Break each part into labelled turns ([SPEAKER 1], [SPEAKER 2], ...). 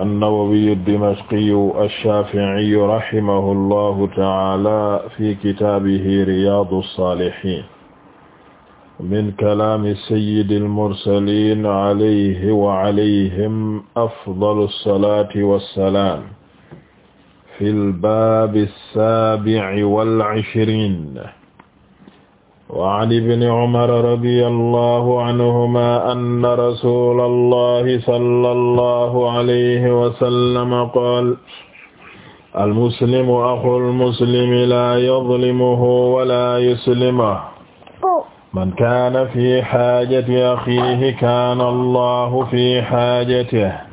[SPEAKER 1] an-Nawawi ad-Dimashqi ash-Shafi'i rahimahu llahu ta'ala fi kitaabihi Riyaadu s-Saalihiin min kalaami sayyidil mursaliin alayhi wa alayhim afdalu s-salaati wa s-salaam fil baabi s-saabi'i wal ishriin wa an ibni umar radiyallahu anhuma anna rasulallahi sallallahu alayhi wa sallam qaala almuslimu axul muslimi laa yadlimuhu wa laa yuslimuhu man kaana fi xaajati axiihi kaana allahu fi xaajatihi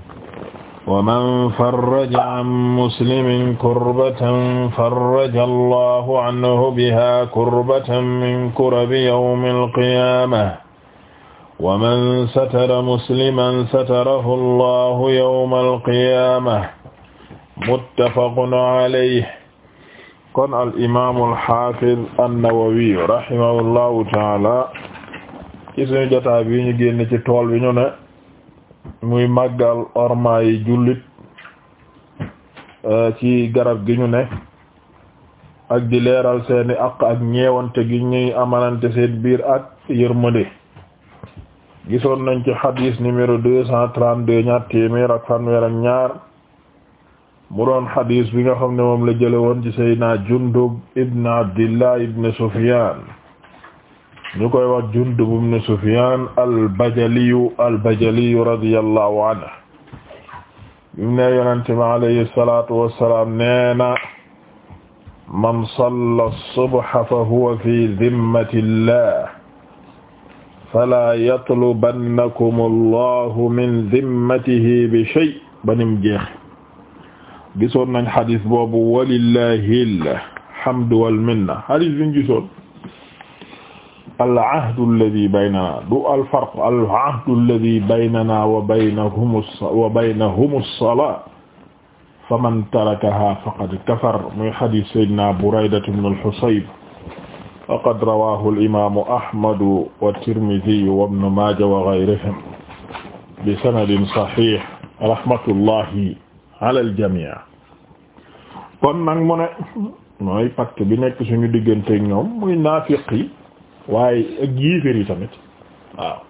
[SPEAKER 1] waman farraja an muslimin kurbatan farraja allahu anhu biha kurbatan min kurabi yawmi alqiyama waman satara musliman satarahu allahu yawma alqiyama muttafaqun alayhi kon alimamu alxafid annawawi rahimahu llahu taala ci suñu jotaa bi ñu génn ci tool bi ñu ne muy màggal orma yi jullit eh, ci garab gi ñu ne ak di leeral seeni aq ak ñeewante gi ñuy amalante seen biir ak yërmande gisoon nañ ci xadis numéro deux cent trente-deux ñaar téeméer ak fanweer ñaar mu doon xadis bi nga xam ne moom la jële woon ci Seydina Jundub ibn Abdillah ibn Sufyan ñu koy wax Jundub ibn Sufyan al-Bajaliyu al-Bajaliyu radiyallahu anhu im ne yonente mi alayhi salatu wassalam nee na man salla subha fa huwa fi dimmati llah fala yatlubannakum allahu min dimmatihi bi shay banim jeex gisoon nañ xadis boobu walillahi alhamdu wal minna xadis biñ gisoon al ahdu alladi baynana du al farq al ahdu alladi baynana wa baynahum wa baynahum as-salaa faman tarakaha faqad kafar muy hadiis sayyidina Burayda ibn al-Husayb faqad rawaahu al-imaamu Ahmadu wa Tirmidhi wa Ibn Maaja wa ghayrihim bi sanadin sahiih rahmatullahi ala al-jamii' kon nag mu ne mooy pacte bi nekk suñu diggante ñoom muy naafiq yi waaye ak yéeféer yi tamit waaw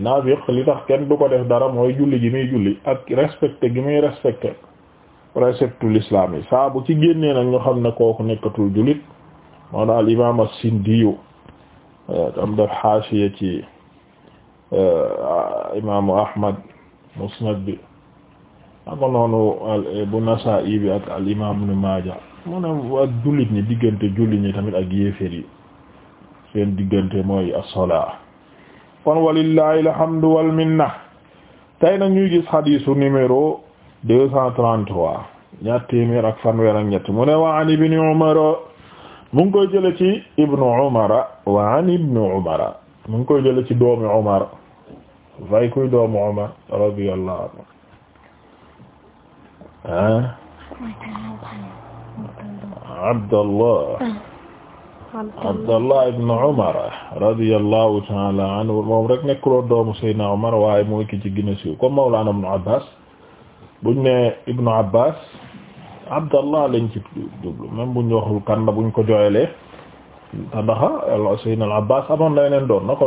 [SPEAKER 1] naafiq li tax kenn du ko def dara mooy julli gi muy julli ak respecté gi muy respecté précepte l'islam yi saa ci génnee nag ñu xam ne kooku nekkatul jullit moo na al imam as-Sindiyu euh, am def xaasiya ci euh, imaamu Ahmad musnad bi ako noonu bu Nasaa'i bi ak al imam Maaja mu ne ak jullit ñi diggante jullit ñi tamit ak yéeféer yi seen diggante mooy as-salaa kon walillahi alhamdu wal minna tey nag ñuy numéro deux cent trente-trois ñaar téeméer ak fanweer ak ñett mu ne wa an ibni umara mu ngi koy jële ci ibnu umara wa an ibni umara mu ngi koy jële ci doomi umar fay kuy doomi umar radiyallahu anhu ah abdallah ah. Abdallah ibn Umar radiyallahu ta'ala anhu moom rek nekkuloo doomu Seydina Umar waaye mooy ki lañ ci déglu même buñ ko jooyalee ndax Seydina Abbas amoon doon na ko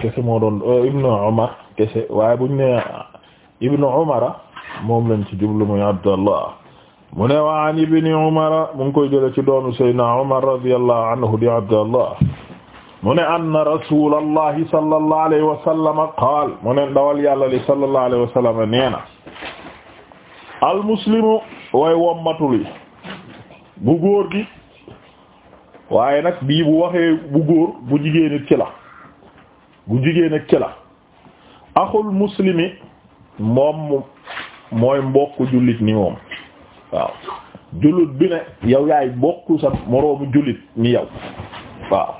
[SPEAKER 1] kese moo doon euh, ibn Umar kese waaye buñ ne ibn Umar moom lañ ci jublu muy Abdallah mu ne wa an ibni umara mu ngi koy jële ci doomu saydna umar radiyallahu anhu di abdallah mu ne anna rasulallahi sallallahu alayhi wa sallam qaal mu ne ndawal yàlla li sallallahu alayhi wa sallam nee na almuslimu way wommatuli bu góor gi waaye nag bii bu waxee bu góor bu jigéen it ci la bu jigéen ak ci la axul muslimi moom mooy mbokk jullit ni moom waaw jullit bi ne yow yaay bokku sa moroomu julit ni yow waaw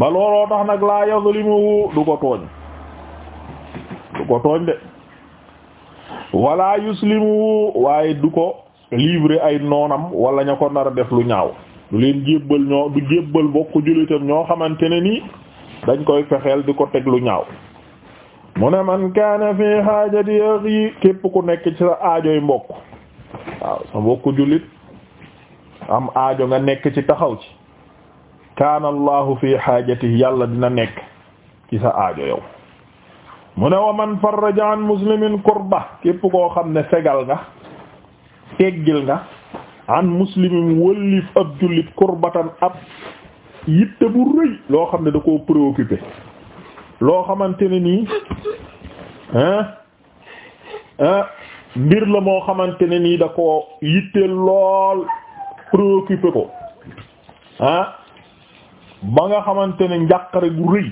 [SPEAKER 1] ba looloo tax nag laa yazlimuhu du ko tooñ du ko tooñ de wala yuslimuhu waaye du ko livrer ay noonam wala ña ko nar def lu ñaaw du leen jébbal ñoo du jébbal bokku jullitam ñoo xamante ne nii dañ koy fexeel di ko teg lu ñaaw mu ne man kaana fi haajati axi képp ku nekk ci sa aajoy mbokk waaw sa mbokku jullit am aajo nga nekk ci taxaw ci kaana allahu fi haajati yàlla dina nekk ci sa aajo yow mu ne wa man farraja an muslimin kurba képp koo xam ne fegal nga teggil nga an muslimin wëllif ab jullit kurbatan ab yitte bu rëy loo xam ne da ko préoccupé loo xamante ne nii hein hein mbir la moo xamante ne nii da ko yitte lool préoccupé ko ah ba nga xamante ne njàqare gu rëy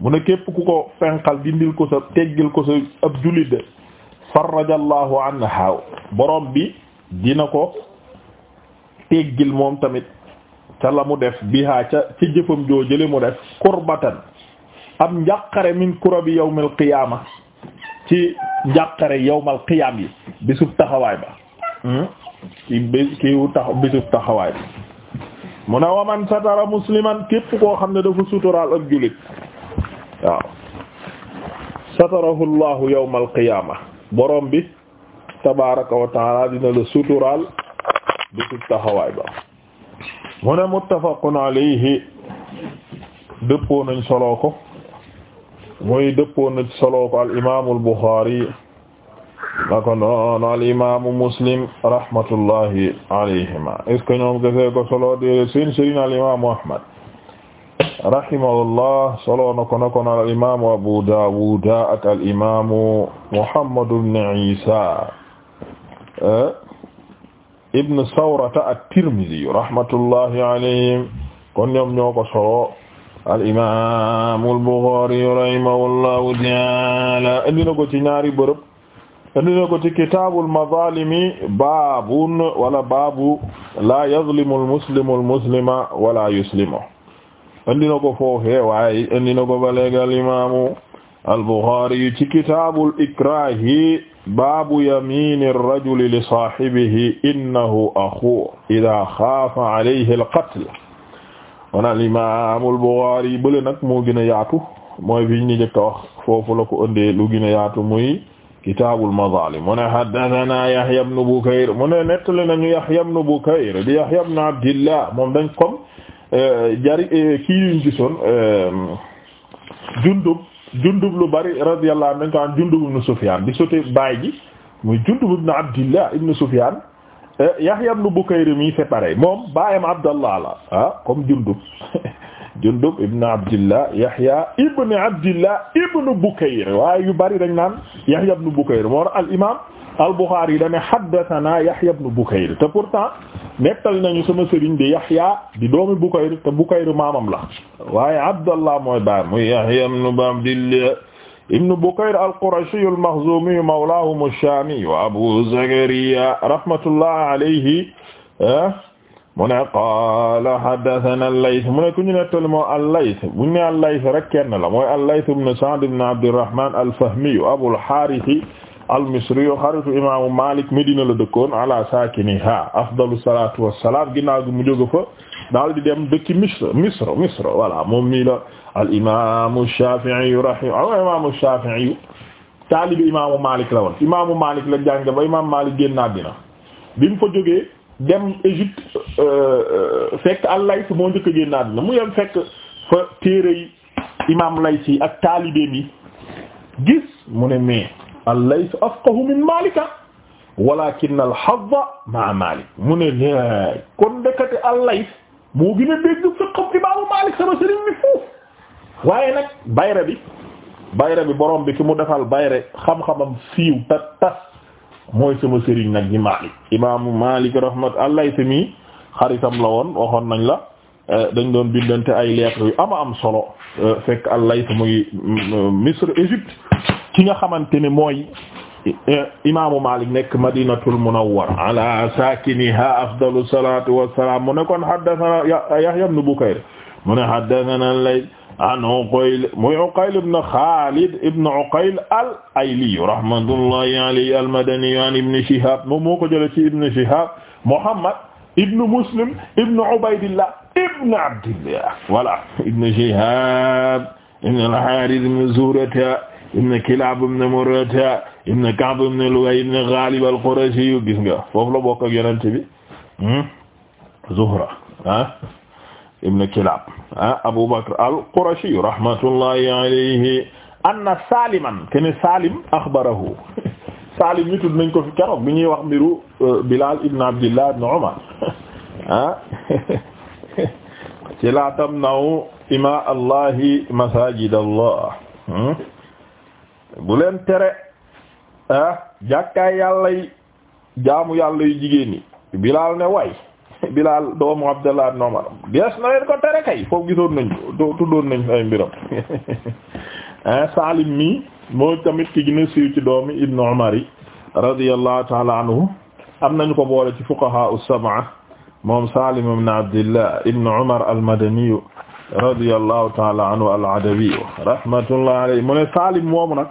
[SPEAKER 1] mu ne képp ku ko fenqal dindil ko sa teggil ko sa ab jullit de farajallahu anha borom bi dina ko teggil moom tamit ca la mu def biha ca ca jëfam joo jële mu def kurbatan am njàqare min kurabi yawmil ci njàqare yawmal qiyaam yi bisub taxawaay ba ki hmm? kiiwu tax bisub taxawaay ba mu ne waman satara musliman képp koo xam ne dafa suturaal ak jullit waaw satarahu llahu qiyaama borom bi tabaaraka wa taala dina la suturaal bisub taxawaay ba mu ne muttafaqun alayhi dëppoo nañ solo ko muy dëppoon na solo al imaamu al Buxaari al imaamu Muslim rahmatullahi alayhima est ko solo de seen sëriñ al imaamu Ahmad rahimahullah solo Abu Daawud ak al imaamu Muhammad ibn Isa eh, ibn Sawrata at-Tirmidhi rahmatullahi alayhim kon ñoom ñoo solo. al-imaam al-Buxaari rahimahullahu ta'aala indi na ko ci ñaari bërëb indi na ko ci kitaabul mazaalimi baabun wala baabu laa yazlimu al-muslimu al-muslima wala yuslimu indi na ko foofee waaye indi na ko ba léegi al-imaamu al-Buxaari ci kitaabul ikraahi baabu yamiini ar-rajuli li saahibihi innahu axuuhu idaa xaafa alayhi al-qatl kon al imaam al Buxaari bële nag moo gën yaatu mooy fi ñu njëkk wax foofu la ko ëndee lu gën yaatu muy kitaabul mazaalim mu ne haddasanaa Yahya ibn Bukayr mu ne nettali nañu Yahya ibn Bukayr di Yahya ibn Abdillah moom dañ comme euh, jari euh, kii yuñ gisoon euh, Jundub Jundub lu bari radiyallahu anhu dañ ko am Jundub ibn Sufyaan di sote baay ji muy Jundub ibn Abdillah ibn Sufyaan Eh, Yahya ibn Bukayr mi c'est pareil moom baayam Abdallah la ah comme Jundub Jundub ibn Abdillah Yahya ibn Abdillah ibn Bukayr waaye yu bari dañ naan Yahya ibn Bukayr moo al imaam al-Bukhari dane haddathana Yahya ibn Bukayr ta pourtant nettali nañu sama sëriñ di Yahya di doomi Bukayr te Bukayr maamam la waaye Abdallah mooy baayam Yahya ibn Abdillah ibnu Bukayr al-Qurashiyu al-Makhzumiyu mawlaahum ash-Shaamiyu Abu Zakariya rahmatullahi alayhi eh, mu ne qaala haddathanaa al-Layth mu ne ku ñu nettali moo al-Layth bu ñu nee al-Layth rek kenn la mooy al-Layth ibnu Sa'd ibnu Abdirrahmaan al-Fahmiyu Abul Haarith al-Misriyu xaritu imaamu Maalik Medina la dëkkoon ala saakinihaa afdalu salaatu wa salaam ginnaaw gi mu jóge fa daal di dem dëkki Misr Misr Misr voilà moom la al imaamu Shaafi'i rahima al imaamu Shaafi'i taalibi imaamu Malik la woon imaamu Malik la jàng ba imaamu Malik génn dem Égypte euh, euh, fekk al-Layth moo njëkk a mu yem fekk fa imaam Layth yi ak gis mu ne mais al-Layth afqahu min Malika walakin al-hadd mu ne kon ndekete al moo gën a dégg fiqhu imaamu Maalik sama sëriñ mi foofu waaye nag bayra bi bayre bi borom bi ki mu defal bayra xam-xamam siiw ta tas mooy sama sëriñ nag ñi Maalik imaamu Maalik rahmat allah mi xaritam la woon waxoon nañ la eh, dañ doon bindante ay lettres yu ama am solo eh, fekk allah muy mm, mm, Misr Égypte ki nga xamante ne mooy Eh, imaamu Maalik nekk madinatul munawwara ala saakiniha afdalu salaatu wassalaam mu ne kon haddathana Yahya ibn Bukayr mu ne haddathana Layth an Uqayl muy Uqayl ibn Khalid ibn Uqayl al-Ayli rahmatullahi alayhi al-Madani an Ibn Shihab moom moo ko jëlee ci Ibn Shihab Muhammad ibn Muslim ibn Ubaydillah ibn Abdillah voilà Ibn Shihab ibn al-Harith ibn Zuhrata ibn Kilab ibn Murrata ibn Ka'b ibn Lu'ay ibn Ghalib al-Qurashi yu gis nga foofu la bokk ak yonent bi hmm, Zuhra ah ibn Kilab ah Abu Bakr al-Qurashi rahmatullahi alayhi anna Saliman kene Salim akhbarahu Salim ñu tudd nañ ko fi keroog bi ñuy wax mbiru euh, Bilal ibn Abdillah ibn Umar ah ci laa tamna'u ima allahi masajid allah hmm? bu leen tere ah jàkkaay yàlla yi jaamu yàlla yu jigéen ñi Bilaal ne way Bilaal doomu Abdallah ibn Umar gees na leen ko tere kay foofu gisoon nañ ko tuddoon nañ ay mbiram ah Salim mi moo tamit ki gën a ci doomi Ibn Umar yi radiyallahu ta'ala anhu am nañu ko boole ci fuqaha as-sab'a moom Salim ibn Abdillah ibn Umar al-Madani radiyallahu ta'ala anhu al-Adawi rahmatullahi alayhi ne Salim moomu nag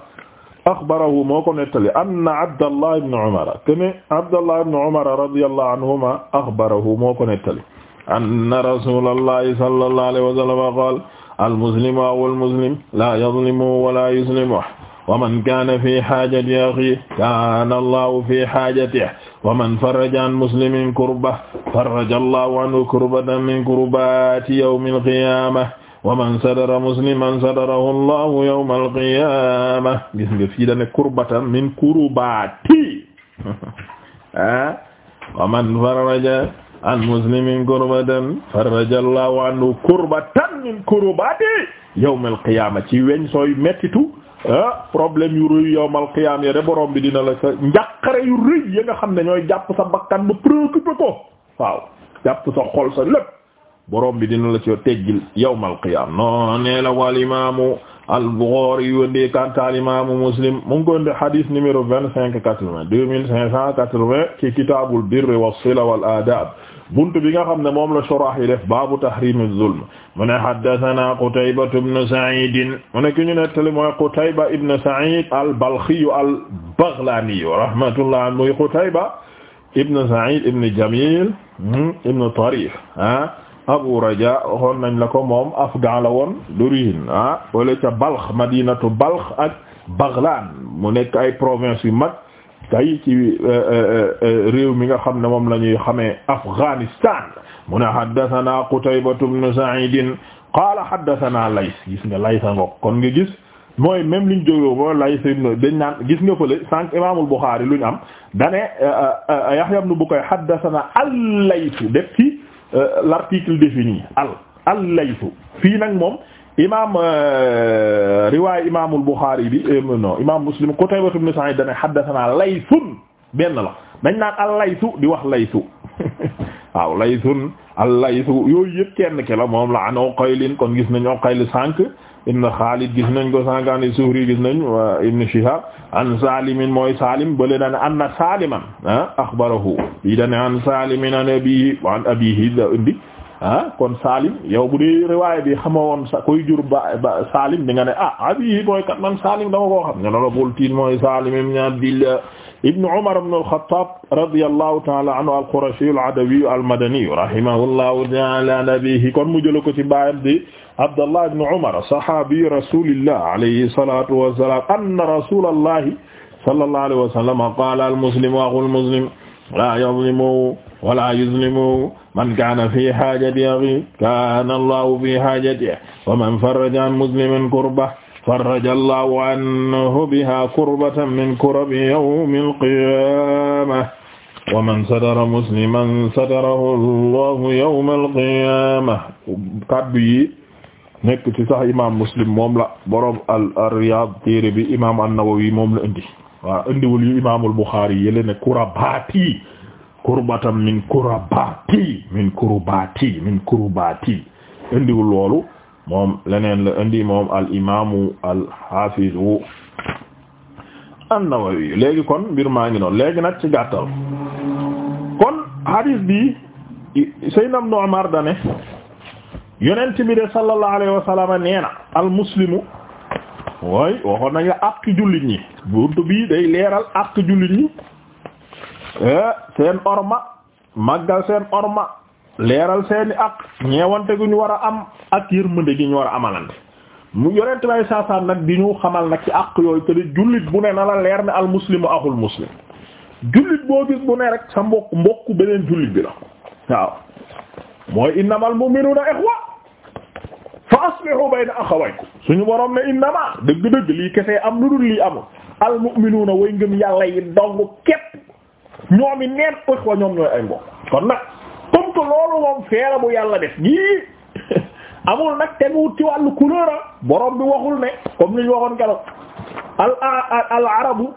[SPEAKER 1] axbarahu moo ko nettali anna Abdallah ibn Umar kaana Abdallah ibn Umar radiyallahu anhuma axbarahu moo ko nettali anna rasuulallahi sallallahu alayhi wa sallam qaala al-muslimu axul muslim laa yazlimuhu wa laa yuslimuhu wa man kaana fii haajati axiihi kaana Allahu fii haajatihi wa man faraja an muslimin kurbatan faraja Allahu anhu kurbatan min kurbaati yawmil qiyaamah wa man satara musliman satarahu allahu yawma alqiyama gis nga fii dane kurbatan min kurubati ah wa man faraja an muslimin kurbatan faraja allahu kurbatan min kurubati yawma alqiyama ci weñ sooy mettitu ah problème yu rëy yawmal qiyaam ya de bi dina la sa njàqare yu rëy ya nga xam ne ñooy jàpp sa bakkan ba préoccupé ko waaw jàpp sa xol sa lépp borom bi dina la ci teggil yawmal qiyaam noonu nee la wal imaamu al-Bukhari wëndee kantaal imaamu Muslim mu ngi koy hadith numéro vingt-cinq quatre-vingt deux mille cinq cent quatre-vingt ci kitaabul birri was-sila wal aadaab buntu bi nga xam ne moom la shuraax yi def baabu tahriim az-zulm mu ne haddathanaa Qutayba ibn Sa'iid mu ne ki ñu nettali mooy Qutayba ibn Sa'iid al-Balkhi al-Baghlaani rahmatullah muy Qutayba ibn Sa'iid ibn Jamiil hmm, ibn Tariif ah Abu Raja waxoon nañ la ko moom afghan la woon d'origine ah wala ca Balkh madinatu Balkh ak Baghlan mu nekk ay province yu mag tay ci euh, euh, euh, réew mi nga xam ne moom la ñuy xamee Afghanistan mu ne haddathana Qutaybatu ibn Sa'id qaala haddathana Lays gis nga Laysa ngok kon nga gis mooy même liñ jógee mooy Laysa ibn dañ gis nga fële sànq Imaamul Bukhari luñ am dane Yahya ibn Bukay haddathana al-Layth def ci Euh, l'article défini al al laytu fii nag moom imaam euh, riwaay imaamul Buxaari bi euh, non imaam Muslim Qutayba ibn Sa'id dana haddathana laytun benn la dañ naan al laytu di wax laytu waaw laytun al laytu yooyu yëpp kenn ki la moom la an Uqayl kon gis nañ Uqayl sànq ibn Xaalid gis nañ ko sangaani Zuhri gis nañ wa ibn Shihab an Salim mooy Salim bale dane anna Saliman akhbarahu bi dane an Salimin an abihi an abihi da indi ah kon Salim yow bu dee riwaay bi xamoo woon sa koy jur ba ba Salim di nga ne ah abihi mooy kat man Salim dama koo xam ñene la bul tiin mooy Salim ibn Abdillah ibn Umar ibn al-Khattab radiyallahu ta'ala anhu al-Qurashi al-Adawi al-Madani rahimahullahu ta'ala an abihi kon mu jël ko ci baayam di Abdallah ibn Umar sahabi rasulillah alayhi salatu wassalam anna rasulallahi sallallahu alayhi wa sallam qala almuslimu akhul muslim la yadlimu wa la yuzlimu man kana fi hajati akhi kana Allahu fi hajatihi wa man farraja an muslimin kurbatan farraja Allahu anhu biha kurbatan min kurabi yawmil qiyamah wa man satara musliman satarahu Allahu yawmal qiyamah kaddu yi nekk ci sax imam muslim moom la borom al Riyad téere bi imam an-Nawawi moom la indi waaw indiwul yu imamul Bukhari yële ne kurabati kurbatam min kurabati min kurubati min kurubati indiwul loolu moom leneen la indi moom al imamu al hafizu an-Nawawi léegi kon mbir maa ngi noonu léegi nag ci kon hadis bi Seydina Ibn Umar dane yonent bi de sallallahu alayhi a sallam nee na al muslimu way waxoon nañ la àq jullit ñi bii day leeral àq jullit ñi eh, seen orma màggal seen orma leeral seeni àq ñeewante gu ñu war a am ak yërmande gi ñu war a amalante mu yonent bay saasaan nag di ñu xamal nag ci àq yooyu te di jullit bu ne na la leer ni al muslimu axul muslim jullit boo gis bu ne rek sa mbokk mbokk beneen jullit bi la waaw mooy innamal mu'minuna ikhwa fa aslihu bayna akhawaykum suñu borom ne innama dëgg-dëgg lii kese am lu dul lii amul al mu'minuuna way ngëm yàlla yi dong képp ñoomi neen ixwa ñoom ñooy ay mbokk kon nag comme que loolu moom feera bu yàlla def gii amul nag te mu ci wàllu couleur ah. boroom bi waxul ne comme ni ñu waxoon keroog al al arabu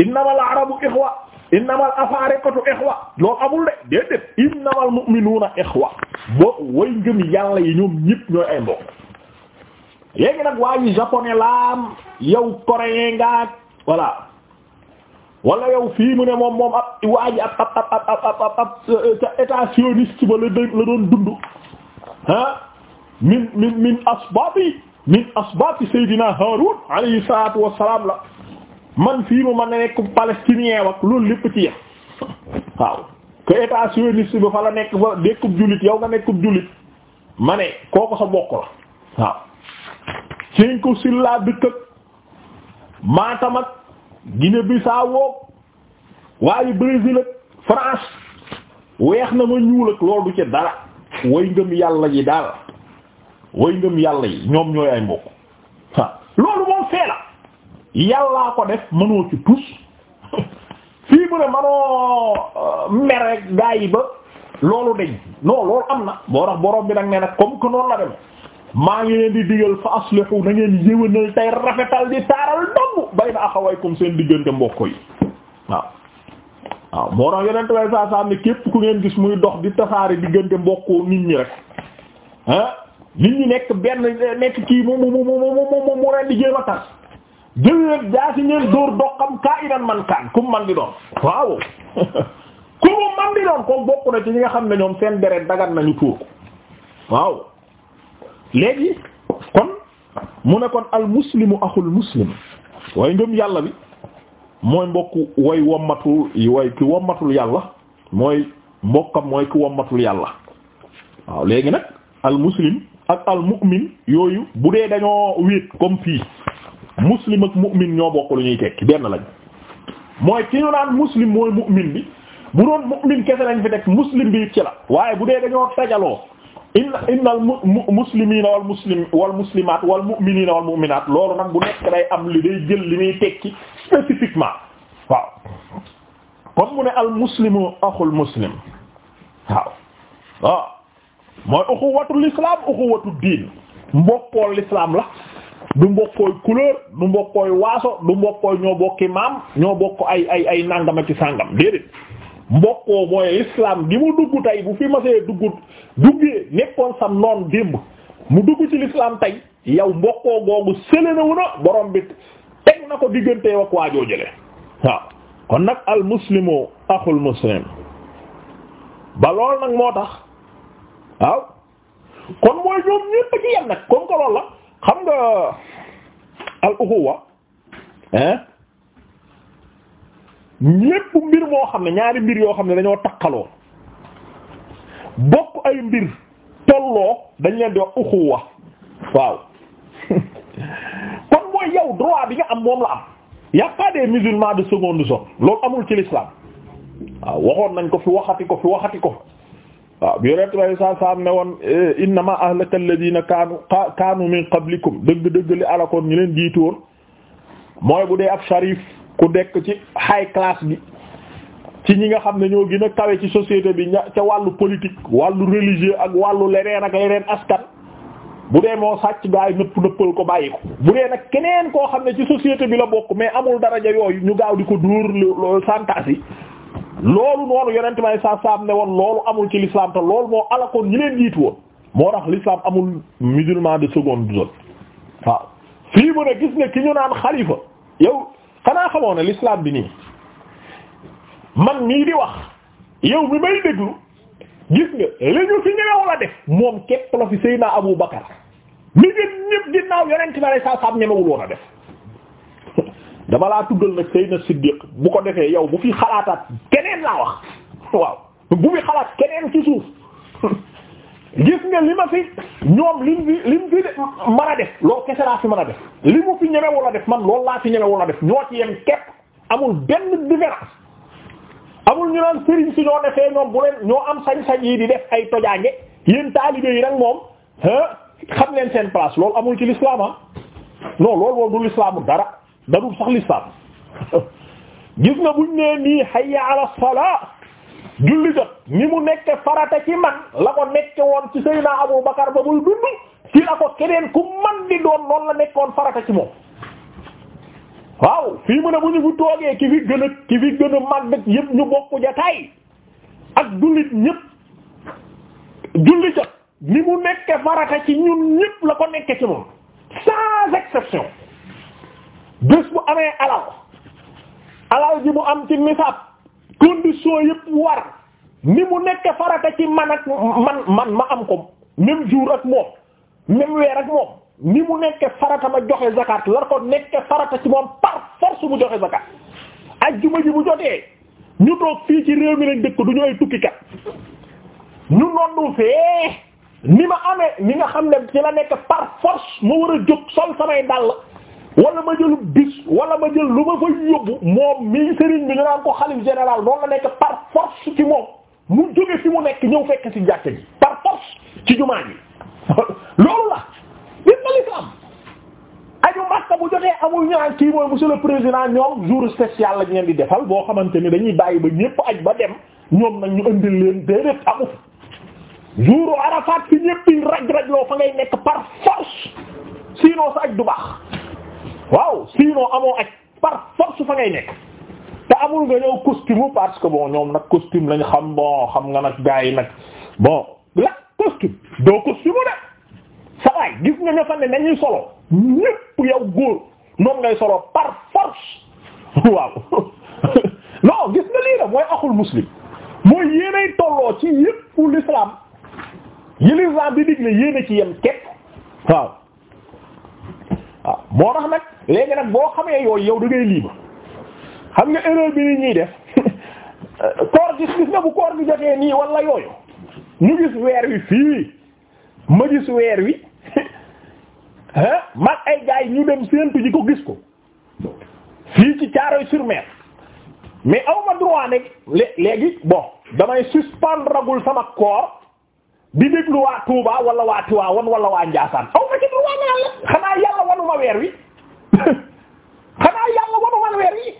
[SPEAKER 1] innama al arabu ixwa innamal afaariqatu ixwa loolu amul de déedéet innamal mu'minuuna ixwa bo way ngëm yàlla yi ñoom ñëpp ñooy ay mbokk léegi nag waa yi japonais laam yow coréen ngaak voilà wala yow fii mu ne moom moom ab waa ji ab ab ab ab ab ab ca état sioniste ba la la doon dund ah min min min asbabi min asbabi Seydina Haarun alayhi salaatu wa salaam la man fii mu man na nekk palestinien wak loolu lépp ci yem waaw que état sioniste ba fa la nekk ba nekkub jullit yow nga nekku jullit ma ne kooku sa bokk la waaw seen ko sil laa dëkk ak Matam ak Guinée-Bissau waaye Brésil ak France weex na ma ñuul ak loolu du ci dara way ngëm yàlla yi daal way ngëm yàlla yi ñoom ñooy ay mbokk waaw yàllaa ko def mënoo ci tus fii mu ne manoo mere gaa ba loolu deñ non loolu am na boo tax borom bi nag ne nag comme que noonu la maa ngi leen di digal fa aslihu na ngeen yëwénal tey rafetal di taaral dogg bayna axawaykum seen diggante mbokk yi waaw waaw moo tax yeneen way saa saa ne képp ku ngeen gis muy dox di tasaare diggante mbokkoo nit ñi rek nit ñi nekk benn nekk kii mu mu mu mu mu mu mu ren di jéem a tas jël leen jaasi ngeen dóor doqam kainan man kaan kum man di doon waaw kumu man di doon ko bokk na ci ñi nga xam ne ñoom seen deret dagan nañu tuur ko waaw léegi kon mu ne kon al muslimu axul way ngëm yàlla bi mooy mbokk way wommatul way ki wommatul yàlla mooy mbokkam mooy ki wommatul yàlla waaw léegi nag al ak al yooyu bu dee dañoo wéet comme fii muslim ak mu'min ñoo bokk lu ñuy tekki benn lañ mooy ki ñu naan muslim mooy mu'min bi bu doon mu'min kese lañ fi teg muslim bi ci la waaye bu dee dañoo tajaloo inna innal muslimiina wal muslim wal muslimaat wal mu'miniina wal loolu nag bu nekk day am li day jël li muy tekki spécifiquement waaw comme mu ne al muslimu axul muslim waaw waaw mooy uxuwatul islam uxuwatud diin mbokkool l'islam la du mbokkooy couleur du mbokkooy waaso du mbokkooy ñoo bokki maam ñoo bokk ay ay ay nàngama ci sàngam déedéet mbokkoo mooy islam gi mu dugg tey bu fi masee duggut duggee nekkoon sam noon démb mu dugg ci l'islam tey yow mbokkoo googu sëlënawu na borom bi teg na ko diggante ak waajoo jële waaw kon nag al muslimu muslim ba lool nag moo tax waaw kon mooy ñoom ñépp ci yem nag kon ko lool la xam nga al uxuwa hein mbir moo xam ne ñaari mbir yoo xam ne dañoo takkaloo bokk ay mbir tolloo dañ leen di wax uxuwa waaw kon mooy yow droit bi nga am moom la am y a pas des musulmans de seconde zone amul ci l'islam waaw waxoon nañ ko fi waxati ko fi waxati ko waaw bi yonent bi saa saa ne woon innama ahlaka alladhina kaanu kaanu min qablikum dëgg dëgg li alakoon ñi leen jiitu woon mooy bu dee ab sharif ku dekk ci high class bi ci ñi nga xam ne ñoo gën a kawe ci société bi ña ca wàllu politique wàllu religieux ak wàllu leneen ak leneen askan bu dee moo sàcc gars yi nëpp nëppal ko bàyyi ko bu dee nag keneen koo xam ne ci société bi la bokk mais amul daraja yooyu ñu gaaw di ko dóor santaas yi loolu noonu yonent may sa saam ne woon loolu amul ci l'islam te loolu moo alakoon ñi leen jiitu woon moo tax l'islam amul musulman de seconde zone waaw fii mu ne gis nga ki ñu naan xalifa yow xanaa xamoo ne l'islam bi nii man mii di wax yow mi may déglu gis nga li ñu fi ñëwee la def moom képp la fi Seydina Abu Bakar mi gën ñëpp ginnaaw yonent bi alayhi salaam ñemewul woon a def dama laa tuddal nag Seydina Siddiq bu ko defee yow bu fi xalaataat keneen laa wax waaw bu fi xalaat keneen ci suuf gis nga li ma fi ñoom li mu fi li mu fi a def loolu kese laa fi mën a def li mu fi ñeme wala def man loolu laa fi ñeme wala def ñoo ci yem képp amul benn différence amul ñu naan sëriñ si ñoo defee ñoom bu leen ñoo am sañ-sañ yi di def ay tojaange yéen taalibe yi nag moom xam leen seen place loolu amul ci l'islam ah non loolu du l'islam dara. dadul sax lislaam gis nga buñ nee nii hayya ala salaa julli jot ni mu nekke farata ci man la ko nekke woon ci Seydina Abu Bakar ba muy dund ci la ko keneen ku man di doon noonu la nekkoon farata ci moom waaw fii mu ne bu ñu bu toogee ki fi gën a ki fi gën a màgg yëpp ñu bokk jataay ak jullit ñëpp julli jot ni mu nekk farata ci ñun ñëpp la ko nekke ci moom sans exception bés mu amee alal alal ji mu am ci nisaab condition yëpp war ni mu nekk farata ci man ak man ma am ko même jour ak moom même weer ak moom ni mu nekk farata ma joxe zakat lar ko nekk farata ci moom par force mu joxe zakat ajjuma ji bu jotee ñu toog fii ci réew mi lañ dëkk du ñu ay tukkikat ñu nondu fee ni ma amee ni nga xam ne ci la nekk par force ma war a jóg sol samay dàll wala ma jël bis wala ma jël lu ma fa yóbbu moom mii bi nga naan ko xalif général noonu la nekk par ci moom mu jóge fi mu nekk ñëw fekk ci jàkka ji par ci jumaa ji loolu la gis nga l'islam aju Makka bu jotee amul ñaan kii mooy monsieur le président ñoom jour spécial lañ leen di defal boo xamante ni dañuy bàyyi ba ñépp aj ba dem ñoom nag ñu indil leen déedéet amul jour Arafat fi ñépp raj raj loo fa ngay nekk par force sa aj du baax. waaw sinon amoo ak par force fa ngay nekk te amul nga ñëw costume parce que bon ñoom nag costume lañ xam boo xam nga nag gars yi nag bon la costume doo costume de xam ne nañuy solo ñépp yow góor noonu ngay solo par force waaw non gis nga lii la mooy axul muslim mooy yéenay tolloo ci yépp l'islam yi l'islam bi digle yéen ci yem képp waaw moo tax nag léegi nag boo xamee yooyu yow da ngay libre xam nga erreur bi nit ñuy def koor gis gis nga bu koor bi jotee nii wala yooyu ñu gis weer wi fii ma gis weer wi ah mag ay gaay ñu dem séentu ji ko gis ko fii ci Caaroy sur Mer mais aw ma droit nag léegi bo damay suspendre agul sama koor di déglu waa Touba wala waa Tivaouane wala waa Ndiassane aw ma ci droit naan la xanaa yàlla wanuma weer wi. xanaa yàlla wanu wan weer yi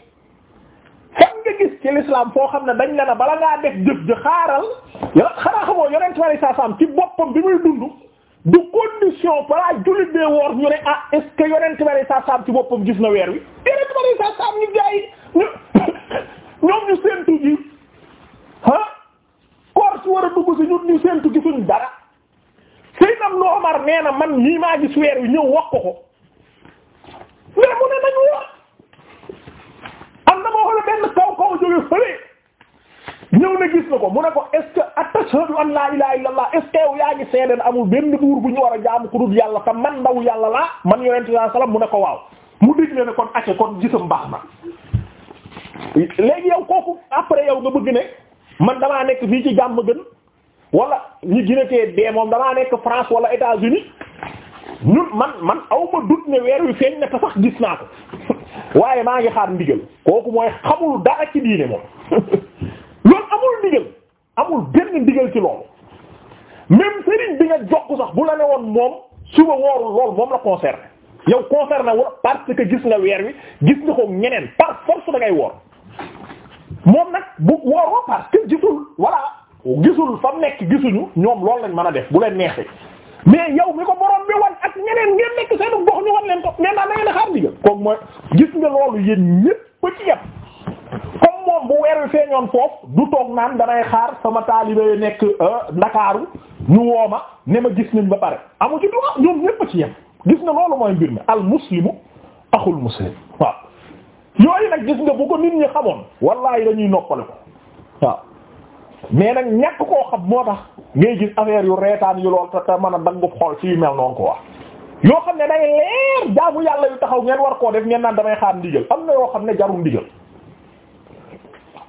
[SPEAKER 1] fan nga gis ci l'islam foo xam ne dañ la na bala ngaa def jëf ji xaaral yo xanaa xamoo yonent sallallahu alayhi ci boppam bi muy dund du condition balaa jullit bee woor ñu ne ah est yonent sallallahu alayhi ci boppam gis na weer wi yonent sallallahu alayhi wasallam ñu gaa ñu ñoom ñu séentu ji koor ah, si war a dugg si ñun ñu séentu gisuñ dara Seydina Omar nee na man mii maa gis weer wi ñëw wax ko ko moo jóge fële ñëw na gis na ko mu ne ko est ce que atashhadu an laa ilaha illa allah est yaa ngi seedeen amul benn buur bu ñu war a jaamu ku dul yàlla te man ndaw yàlla laa man yonente saai sallam mu ne ko waaw mu digle ne kon acce kon gisam baax na léegi yow kooku après yow nga bëgg ne man damaa nekk fii ci jàmm gën wala ñi ginatee dee moom damaa nekk France wala États-Unis ñun man man awma dut ne weer wi feeñ na te sax gis naa ko waaye maa ngi xaar ndigal kooku mooy xamul dara ci diine moom loolu amul ndigal amul benn ndigal ci loolu même sëriñ bi nga jokk sax bu la ne woon moom suba woorul loolu moom la concerné yow concerné na parce que gis nga weer wi gis nga ko ñeneen par force da ngay woor moom nag bu wooroo parce que gisul voilà gisul fa nekk gisuñu ñoom loolu lañ mën a def bu leen neexee. mais yow mi ko borom bi wan ak ngeen nekk seen gox ñu wan leen ko nee naa na ngeen xaar ndigal kooku mooy gis comme moom bu weer wi feeñoon foofu du toog naan damay xaar sama taalibe nekk euh, ndakaaru ñu wooma ne ma gis nañ ba pare amu ci droit ñoom ñépp ci yem gis nga loolu mooy mbir mi al muslimu axul muslim waaw yooyu nag gis nga bu ko nit ñi xamoon wallahi dañuy noppale ko waaw mais nag ñàkk koo xam moo tax ngay gis affaire yu reetaan yu lool te te mën a dangub xol ci yu mel noonu quoi yoo xam ne day leer jaamu yàlla yu taxaw ngeen war koo def ngeen naan damay xaar ndigal am na yoo xam ne jarul ndigal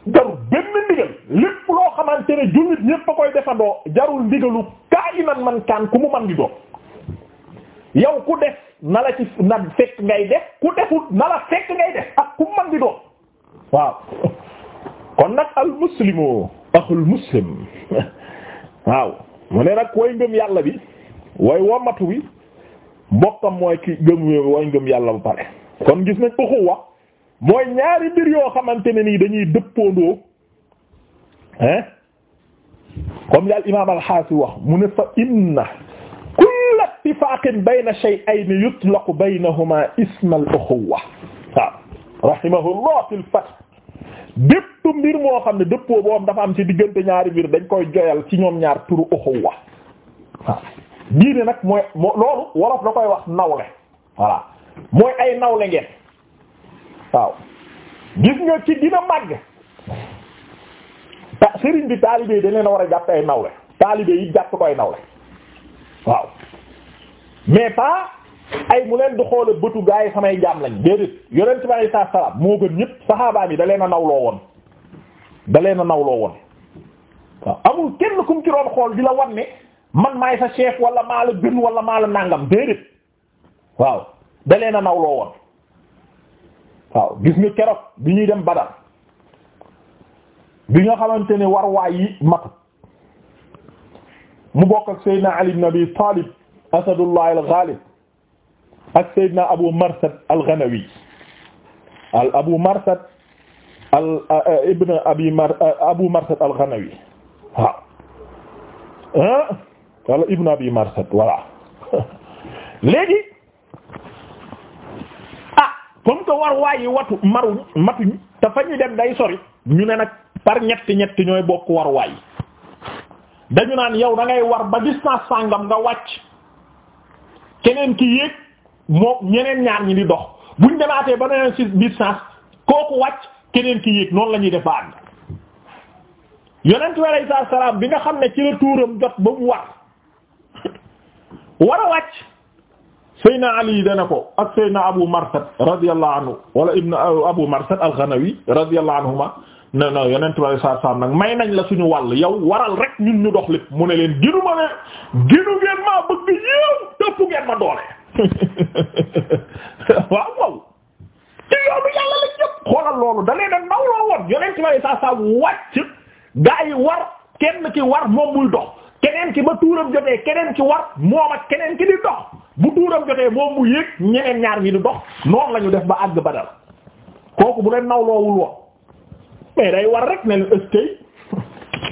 [SPEAKER 1] jarul benn ndigal lépp loo xamante ne jullit ñépp a koy defandoo jarul ndigalu kaa inan man kaan ku mu man di doon yow ku def na la ci na fekk ngay def ku defut na la fekk ngay def ak ku mu man di doon waaw kon nag al axul muslim waaw ne nag way ngëm yàlla bi way womatu wi mbokkam mooy ki gëm way ngëm yàlla ba pare kon gis nañ uxuwa mooy ñaari mbir yoo xamante ne nii dañuy dëppoondoo hein comme yàlla imaam alxaasi wax mu ne fa inna kulla ittifaaqin bayna shay'ayni yutlaqu baynahuma isma al uxuwa waaw rahimahullah fil fath bépp mbir moo xam ne dëppoo boobu dafa am ci diggante ñaari mbir dañ koy joyal ci ñoom ñaar turu uxuwa waaw diine nag mooy loolu wolof da koy wax nawle voilà mooy ay nawle ngeen waaw gis nga ci dina màgg ta sëriñ bi taalibe yi dañ war a jàpp ay nawle taalibe yi jàpp ko ay nawle waaw mais pas ay mu leen di xoole bëtu gaa yi samay jaam lañ déedéet yonent bi alayhi salaam moo gën ñëpp saxaabaam yi da leen nawloo woon da leen a nawloo woon waaw amul kenn kum ci doon xool di la wan ne man maay sa chef wala maa la gën wala maa la nàngam déedéet waaw da leen a nawloo woon waaw gis nga keroog bi ñuy dem Badar bi nga xamante ne war yi matu mu bokk ak Seydina Ali ibn Abi Talib Asadullah al ak Seydina Abu Marsad al-Ghanawi al Abu Marsad al euh, Mar euh, Abu Marsad al-Ghanawi waaw ah wala ibn Abi Marsad voilà léegi ah comme que war waayi watu maruñ matuñ te ñu dem day sori ñu ne nag par ñett ñetti ñooy bokk war waay dañu naan yow dangay ngay war ba distance sàngam nga wàcc keneen ki yéeg moom ñeneen ñaar ñi di dox buñ demaatee ba neneen ci distance kooku wàcc keneen ki yéeg noonu la ñuy def ba ànd yonent bi alayhi salaatu salaam bi nga xam ne ci la tuuram jot ba mu war war a wàcc Seyna Ali dana ko ak Seyna Abu Marsad radiyallahu anhu wala Ibn Abu Marsad al-Ghanawi radiyallahu anhuma non non yonent bi alayhi salaatu salaam nag may nañ la suñu wàll yow waral rek ñun ñu dox lépp mu ne leen ginu ma ne ginu ngeen maa bëgg yéew tëpp ngeen ma doole. waaw waaw te yoonu yàlla la ñëpp xoolal loolu da leen a naw loo woon yonent bi saa saa wàcc gaa yi war kenn ki war moom muy dox keneen ki ba tuuram jotee keneen ki war moom ak keneen ki di dox bu tuuram jotee moom mu yéeg ñeneen ñaar ñi di dox noonu la def ba àgg Badar kooku bu leen naw loowul woon mais day war rek ne est-ce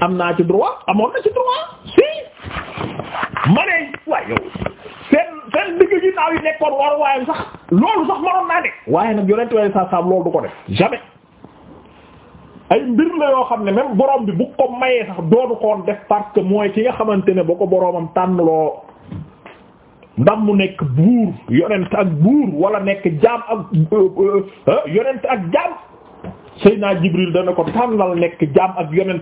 [SPEAKER 1] am naa ci droit amoon na ci droit si ma waaye yow seen seen digg ginnaaw yi nekkoon war waaye sax loolu sax maroon naa ne waaye nag yonent waaye sa saam loolu du ko def jamais ay mbir la yoo xam ne même borom bi bu ko mayee sax doodu koon def parce que mooy ki nga xamante ne boo ko tànn tànnloo ndax mu nekk buur yonent ak buur wala nekk jaam ak euh, euh, yonent ak jaam Seydina Jibril dana ko tànnal nekk jaam ak yonent